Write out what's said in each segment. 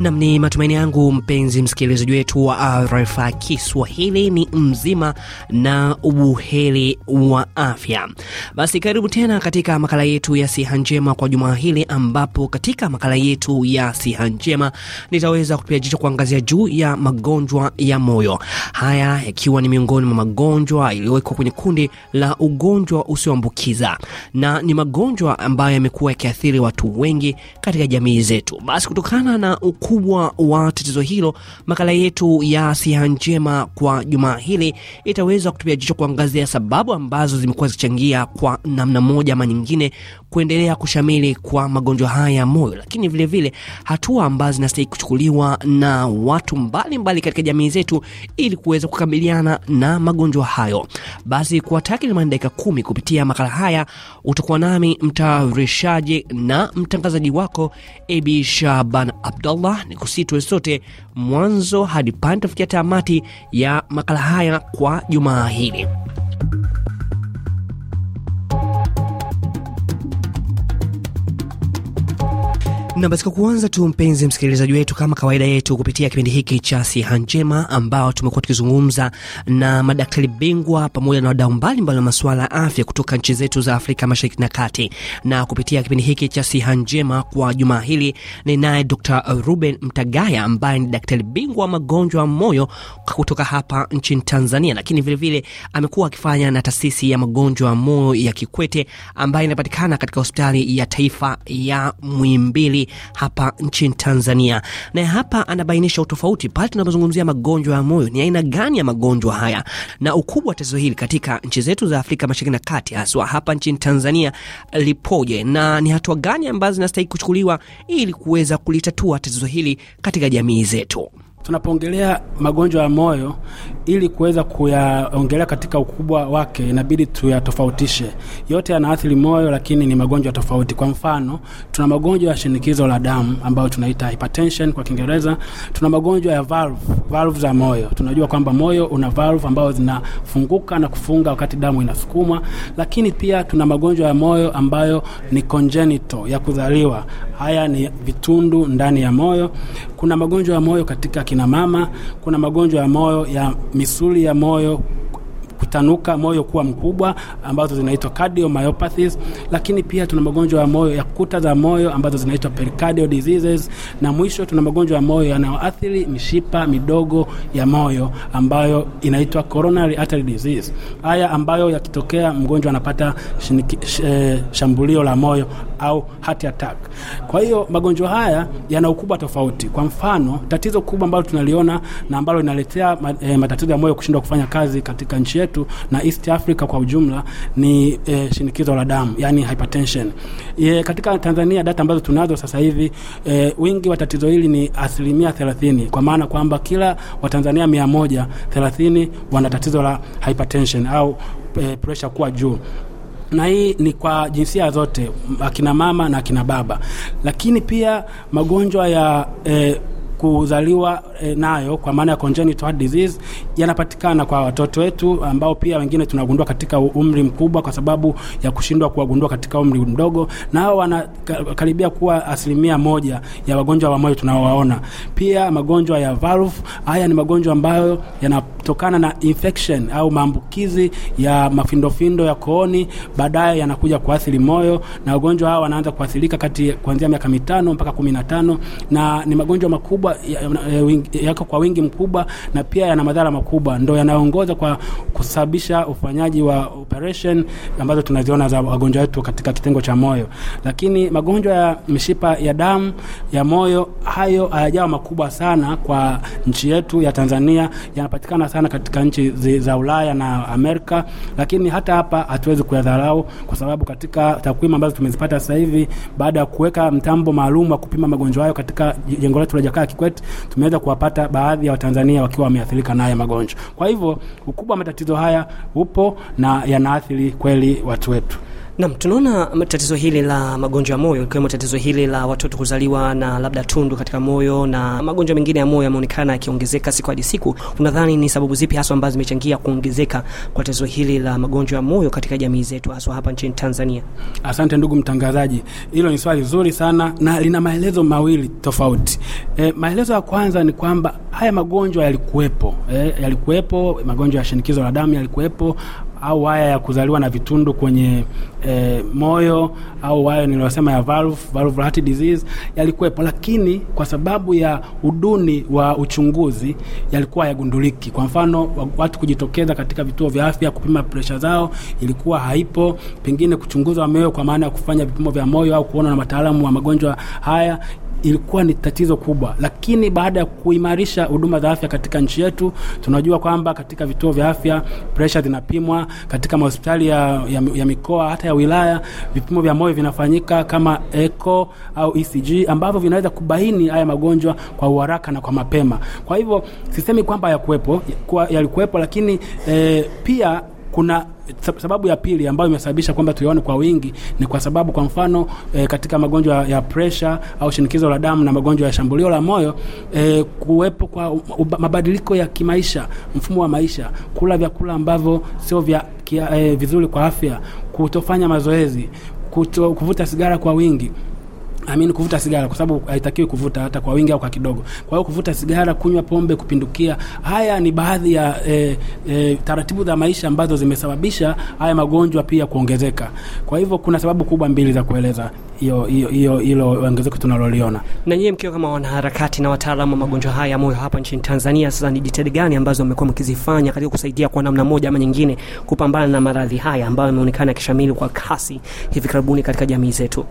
Nam, ni matumaini yangu mpenzi msikilizaji wetu wa RFI Kiswahili ni mzima na ubuheri wa afya. Basi karibu tena katika makala yetu ya siha njema kwa jumaa hili, ambapo katika makala yetu ya siha njema nitaweza kutupia jicho kuangazia juu ya magonjwa ya moyo, haya yakiwa ni miongoni mwa magonjwa yaliyowekwa kwenye kundi la ugonjwa usioambukiza na ni magonjwa ambayo yamekuwa yakiathiri watu wengi katika jamii zetu. Basi kutokana na uku ukubwa wa tatizo hilo, makala yetu ya siha njema kwa jumaa hili itaweza kutupia jicho kuangazia sababu ambazo zimekuwa zikichangia kwa namna moja ama nyingine kuendelea kushamili kwa magonjwa haya ya moyo, lakini vilevile hatua ambazo zinastahili kuchukuliwa na watu mbalimbali mbali katika jamii zetu ili kuweza kukabiliana na magonjwa hayo. Basi kwa takriban dakika kumi kupitia makala haya utakuwa nami mtayarishaji na mtangazaji wako ebi Shaban Abdallah, ni kusitwe sote mwanzo hadi pande kufikia tamati ya makala haya kwa jumaa hili. Na basi kwa kuanza tu, mpenzi msikilizaji wetu, kama kawaida yetu kupitia kipindi hiki cha Siha Njema, ambao tumekuwa tukizungumza na madaktari bingwa pamoja na wadau mbalimbali wa masuala ya afya kutoka nchi zetu za Afrika Mashariki na Kati. Na kupitia kipindi hiki cha Siha Njema kwa juma hili ni naye Dr. Ruben Mtagaya ambaye ni daktari bingwa magonjwa moyo kutoka hapa nchini Tanzania, lakini vilevile amekuwa akifanya na taasisi ya magonjwa moyo ya Kikwete ambayo inapatikana katika hospitali ya taifa ya mwimbili hapa nchini Tanzania, na hapa anabainisha utofauti pale tunapozungumzia magonjwa ya moyo, ni aina gani ya magonjwa haya na ukubwa wa tatizo hili katika nchi zetu za Afrika Mashariki na Kati, haswa hapa nchini Tanzania lipoje, na ni hatua gani ambazo zinastahili kuchukuliwa ili kuweza kulitatua tatizo hili katika jamii zetu. Tunapoongelea magonjwa ya moyo ili kuweza kuyaongelea katika ukubwa wake, inabidi tuyatofautishe. Yote yanaathiri moyo, lakini ni magonjwa tofauti. Kwa mfano, tuna magonjwa ya shinikizo la damu ambayo tunaita hypertension kwa Kiingereza. Tuna magonjwa ya valve, valve za moyo. Tunajua kwamba moyo una valve ambazo zinafunguka na kufunga wakati damu inasukumwa, lakini pia tuna magonjwa ya moyo ambayo ni congenital, ya kuzaliwa. Haya ni vitundu ndani ya moyo. Kuna magonjwa ya moyo katika kina mama, kuna magonjwa ya moyo ya misuli ya moyo kutanuka, moyo kuwa mkubwa ambazo zinaitwa cardiomyopathies, lakini pia tuna magonjwa ya moyo ya kuta za moyo ambazo zinaitwa pericardial diseases, na mwisho tuna magonjwa ya moyo yanayoathiri mishipa midogo ya moyo ambayo inaitwa coronary artery disease. Haya ambayo yakitokea mgonjwa anapata shiniki, sh, eh, shambulio la moyo au heart attack. Kwa hiyo magonjwa haya yana ukubwa tofauti. Kwa mfano, tatizo kubwa ambalo tunaliona na ambalo inaletea eh, matatizo ya moyo kushindwa kufanya kazi katika nchi yetu yetu na East Africa kwa ujumla ni eh, shinikizo la damu, yani hypertension. Ye, katika Tanzania data ambazo tunazo sasa hivi eh, wingi wa tatizo hili ni asilimia 30, kwa maana kwamba kila Watanzania 100 30 wana tatizo la hypertension au eh, pressure kuwa juu na hii ni kwa jinsia zote, akina mama na akina baba, lakini pia magonjwa ya eh, kuzaliwa e, nayo kwa maana ya congenital heart disease yanapatikana kwa watoto wetu ambao pia wengine tunagundua katika umri mkubwa kwa sababu ya kushindwa kuwagundua katika umri mdogo, nao wanakaribia kuwa asilimia moja ya wagonjwa wa moyo tunaowaona. Pia magonjwa ya valve, haya ni magonjwa ambayo yana kutokana na infection au maambukizi ya mafindofindo ya kooni, baadaye yanakuja kuathiri moyo, na wagonjwa hao wanaanza kuathirika kati kuanzia miaka mitano mpaka kumi na tano na ni magonjwa makubwa yako ya, ya kwa wingi mkubwa, na pia yana madhara makubwa, ndo yanaongoza kwa kusababisha ufanyaji wa operation ambazo tunaziona za wagonjwa wetu katika kitengo cha moyo. Lakini magonjwa ya mishipa ya damu ya moyo hayo hayajawa makubwa sana kwa nchi yetu ya Tanzania, yanapatikana sana yanayopatikana katika nchi za Ulaya na Amerika, lakini hata hapa hatuwezi kuyadharau, kwa sababu katika takwimu ambazo tumezipata sasa hivi baada ya kuweka mtambo maalum wa kupima magonjwa hayo katika jengo letu la Jakaya Kikwete, tumeweza kuwapata baadhi ya Watanzania wakiwa wameathirika na haya magonjwa. Kwa hivyo ukubwa wa matatizo haya upo na yanaathiri kweli watu wetu. Naam, tunaona tatizo hili la magonjwa ya moyo ikiwemo tatizo hili la watoto kuzaliwa na labda tundu katika moyo na magonjwa mengine ya moyo yameonekana yakiongezeka siku hadi siku. Unadhani ni sababu zipi haswa ambazo zimechangia kuongezeka kwa tatizo hili la magonjwa ya moyo katika jamii zetu haswa hapa nchini Tanzania? Asante ndugu mtangazaji, hilo ni swali zuri sana na lina maelezo mawili tofauti. E, maelezo ya kwanza ni kwamba haya magonjwa yalikuwepo, e, yalikuwepo magonjwa ya shinikizo la damu yalikuwepo au haya ya kuzaliwa na vitundu kwenye e, moyo au waya niliyosema ya valve, valve heart disease yalikuwepo, lakini kwa sababu ya uduni wa uchunguzi yalikuwa yagunduliki Kwa mfano, watu kujitokeza katika vituo vya afya kupima presha zao ilikuwa haipo, pengine kuchunguzwa moyo kwa maana ya kufanya vipimo vya moyo au kuona na wataalamu wa magonjwa haya ilikuwa ni tatizo kubwa, lakini baada ya kuimarisha huduma za afya katika nchi yetu, tunajua kwamba katika vituo vya afya presha zinapimwa, katika mahospitali ya, ya, ya mikoa hata ya wilaya vipimo vya moyo vinafanyika kama echo au ECG ambavyo vinaweza kubaini haya magonjwa kwa uharaka na kwa mapema. Kwa hivyo sisemi kwamba kwa, yalikuwepo, lakini eh, pia kuna sababu ya pili ambayo imesababisha kwamba tuyaone kwa wingi ni kwa sababu, kwa mfano e, katika magonjwa ya presha au shinikizo la damu na magonjwa ya shambulio la moyo e, kuwepo kwa uba, mabadiliko ya kimaisha, mfumo wa maisha, kula vyakula ambavyo sio vya kia, e, vizuri kwa afya, kutofanya mazoezi, kuto, kuvuta sigara kwa wingi amini kuvuta sigara kwa sababu haitakiwi kuvuta hata kwa wingi au kwa kidogo. Kwa hiyo kuvuta sigara, kunywa pombe kupindukia, haya ni baadhi ya e, e, taratibu za maisha ambazo zimesababisha haya magonjwa pia kuongezeka. Kwa hivyo kuna sababu kubwa mbili za kueleza hiyo hiyo hiyo hilo ongezeko tunaloliona. Na nyie mkiwa kama wanaharakati na wataalamu wa magonjwa haya moyo hapa nchini Tanzania, sasa ni jitihada gani ambazo mmekuwa mkizifanya katika kusaidia kwa namna moja ama nyingine kupambana na maradhi haya ambayo yameonekana kishamili kwa kasi hivi karibuni katika jamii zetu?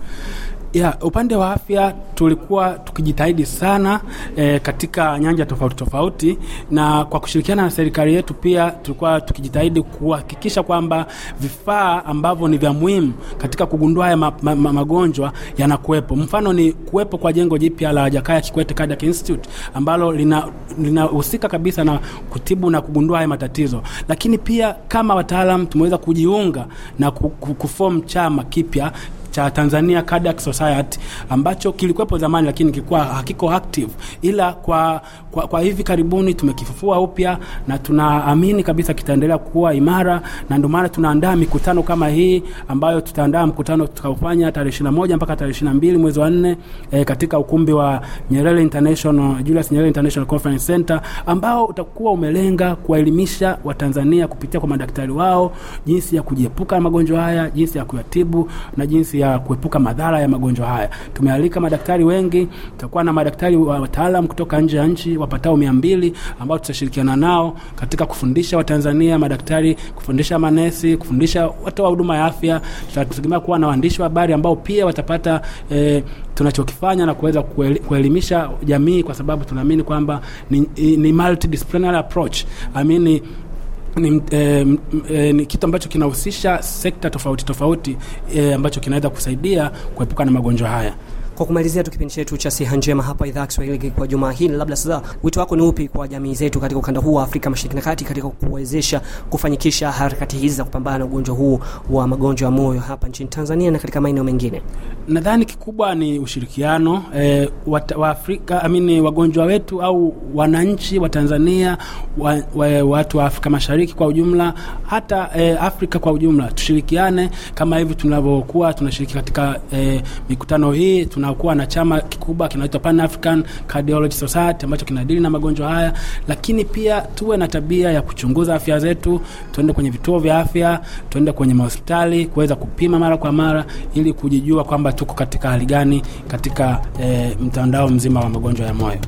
Yeah, upande wa afya tulikuwa tukijitahidi sana e, katika nyanja tofauti tofauti, na kwa kushirikiana na serikali yetu pia tulikuwa tukijitahidi kuhakikisha kwamba vifaa ambavyo ni vya muhimu katika kugundua haya ma, ma, ma, magonjwa yanakuwepo. Mfano ni kuwepo kwa jengo jipya la Jakaya Kikwete Cardiac Institute ambalo linahusika lina kabisa na kutibu na kugundua haya matatizo, lakini pia kama wataalam tumeweza kujiunga na kuform chama kipya cha Tanzania Cardiac Society ambacho kilikuwepo zamani, lakini kilikuwa hakiko active, ila kwa, kwa, kwa hivi karibuni tumekifufua upya na tunaamini kabisa kitaendelea kuwa imara, na ndio maana tunaandaa mikutano kama hii ambayo tutaandaa mkutano tutakaofanya tarehe 21 mpaka tarehe 22 mwezi wa 4 e, eh, katika ukumbi wa Nyerere International, Julius Nyerere International Conference Center ambao utakuwa umelenga kuwaelimisha Watanzania kupitia kwa madaktari wao jinsi ya kujiepuka na magonjwa haya, jinsi ya kuyatibu na jinsi ya kuepuka madhara ya magonjwa haya. Tumealika madaktari wengi, tutakuwa na madaktari wataalam kutoka nje ya nchi wapatao mia mbili ambao tutashirikiana nao katika kufundisha Watanzania madaktari, kufundisha manesi, kufundisha watoa huduma ya afya. Tutategemea kuwa na waandishi wa habari ambao pia watapata e, tunachokifanya na kuweza kuelimisha jamii, kwa sababu tunaamini kwamba ni, ni multidisciplinary approach mean, ni, eh, eh, ni kitu ambacho kinahusisha sekta tofauti tofauti eh, ambacho kinaweza kusaidia kuepuka na magonjwa haya. Kwa kumalizia tu kipindi chetu cha siha njema hapa idhaa ya Kiswahili kwa juma hili, labda sasa wito wako ni upi kwa jamii zetu katika ukanda huu wa Afrika Mashariki na Kati katika kuwezesha kufanikisha harakati hizi za kupambana na ugonjwa huu wa magonjwa ya moyo hapa nchini Tanzania na katika maeneo mengine? Nadhani kikubwa ni ushirikiano eh, wat, wa Afrika mean, wagonjwa wetu au wananchi wa Tanzania wa, wa, watu wa Afrika Mashariki kwa ujumla, hata e, Afrika kwa ujumla, tushirikiane kama hivi tunavyokuwa tunashiriki katika e, mikutano hii tuna tunakuwa na chama kikubwa kinaitwa Pan African Cardiology Society ambacho kinadili na magonjwa haya, lakini pia tuwe na tabia ya kuchunguza afya zetu, tuende kwenye vituo vya afya, tuende kwenye mahospitali kuweza kupima mara kwa mara ili kujijua kwamba tuko katika hali gani katika eh, mtandao mzima wa magonjwa ya moyo.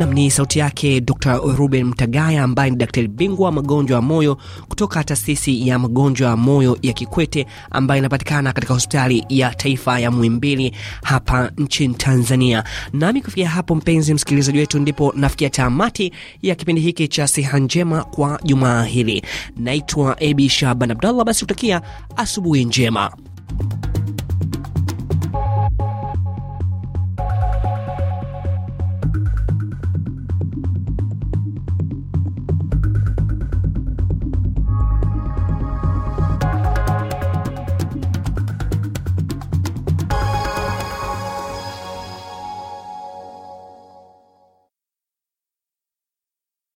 Nam ni sauti yake Dr Ruben Mtagaya, ambaye ni daktari bingwa wa magonjwa ya moyo kutoka taasisi ya magonjwa ya moyo ya Kikwete, ambaye inapatikana katika hospitali ya taifa ya Muhimbili hapa nchini Tanzania. Nami kufikia hapo, mpenzi msikilizaji wetu, ndipo nafikia tamati ya kipindi hiki cha Siha Njema kwa jumaa hili. Naitwa Abi Shaban Abdallah, basi kutakia asubuhi njema.